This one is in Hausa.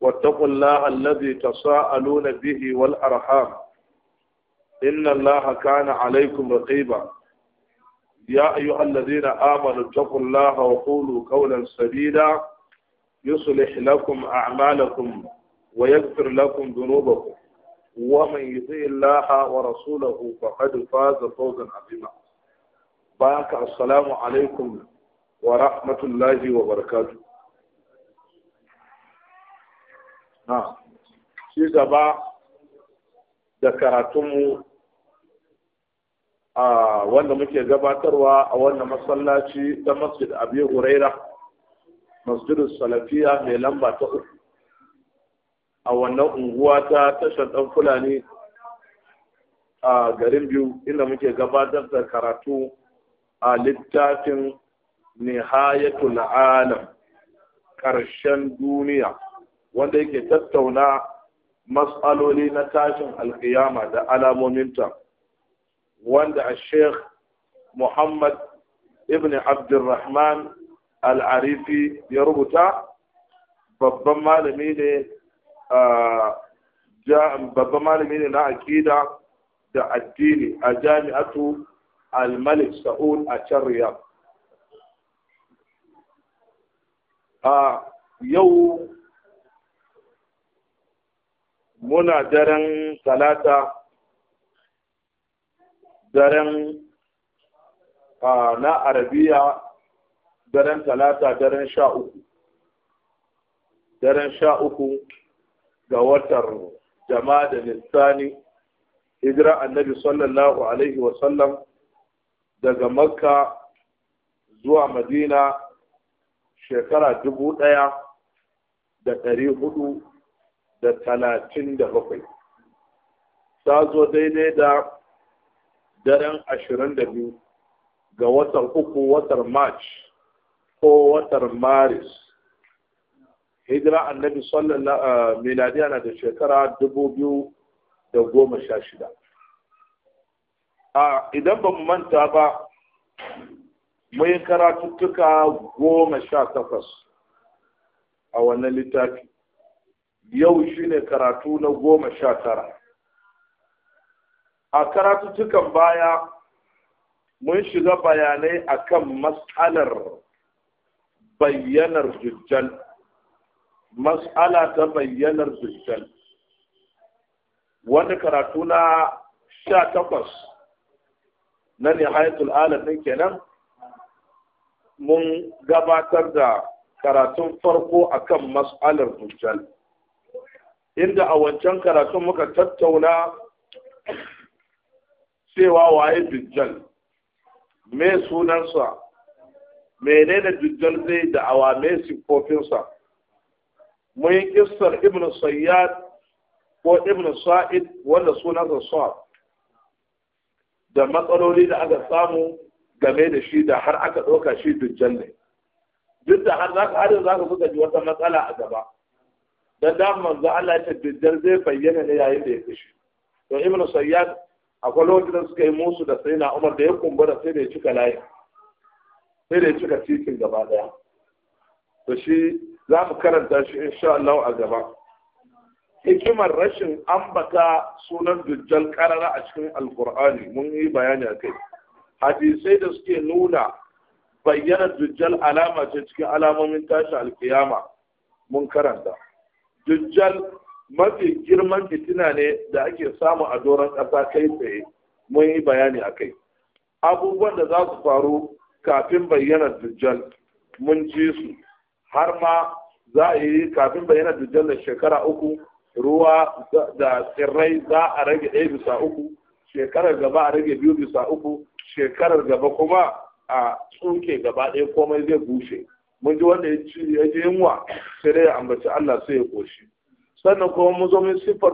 واتقوا الله الذي تساءلون به والأرحام إن الله كان عليكم رقيبا يا أيها الذين آمنوا اتقوا الله وقولوا قولا سديدا يصلح لكم أعمالكم ويغفر لكم ذنوبكم ومن يطيع الله ورسوله فقد فاز فوزا عظيما بارك السلام عليكم ورحمة الله وبركاته ha shi gaba da karatunmu a wanda muke gabatarwa a wannan masallaci ta masjid abi huraira Masjid salafiya mai lamba ta uku a wannan unguwa ta tashar dan fulani a garin biyu inda muke gabatar da karatu a littafin nihayatul alam ƙarshen duniya wanda yake tattauna mas'aloli na tashin alkiyama da alamominta wanda a sheikh muhammad ibn abdulrahman al'arifi ya rubuta babban malami ne babban malami ne na akida da addini a jami'atu al-malik sa'ud a can riyadh a yau muna daren talata daren na arabiya daren talata daren sha uku daren sha uku ga watar jama'a da lissani hijira annabi sallallahu alaihi wasallam daga makka zuwa madina shekara dubu ɗaya da ɗari hudu da talatin da bakwai ta zo daidai da daren ashirin da biyu ga watan uku watan march ko watan maris hijira annabi sallallahu miladiya na da shekara dubu biyu da goma sha shida a idan ba mu manta ba mun karatuttuka goma sha takwas a wannan littafi yau shine karatu na goma sha tara a karatuttukan baya mun shiga bayanai akan matsalar bayyanar dujjal mas'ala ta bayyanar dujjal wani karatu na sha takwas na nihayatul alamin kenan mun gabatar da karatun farko akan mas'alar dujjal inda a wancan karatun muka tattauna cewa waye dujjal me sunansa menene dujjal zai da awa me siffofinsa mun yi kissar ibn sayyad ko ibn sa'id wanda sunansa sa'ad da matsaloli da aka samu game da shi da har aka ɗauka shi dujjal ne duk da har za ka za ka ji wata matsala a gaba dan da manzo Allah ya tabbata dajjal zai bayyana ne yayin da ya kashe. to ibnu sayyad akwai lokacin da suka yi musu da sai na umar da ya kumbura sai da ya cika layi sai da ya cika titin gaba daya to shi za mu karanta shi insha Allah a gaba hikimar rashin ambata sunan dujjal karara a cikin alkur'ani mun yi bayani a kai hadisai da suke nuna bayyana dujjal alama ce cikin alamomin tashi alkiyama mun karanta dujjal mafi girman fitina ne da ake samu a doron ƙasa kai tsaye mun yi bayani a kai abubuwan da za su faru kafin bayyanar dujjal mun ji su har ma za a yi kafin bayyanar dujjal da shekara uku ruwa da tsirrai za a rage ɗaya bisa uku shekarar gaba a rage biyu bisa uku shekarar gaba kuma a tsuke gaba ɗaya komai zai bushe mun ji wanda ya ji yunwa sai dai ya ambaci Allah sai ya koshi sannan kuma mun zo mun siffar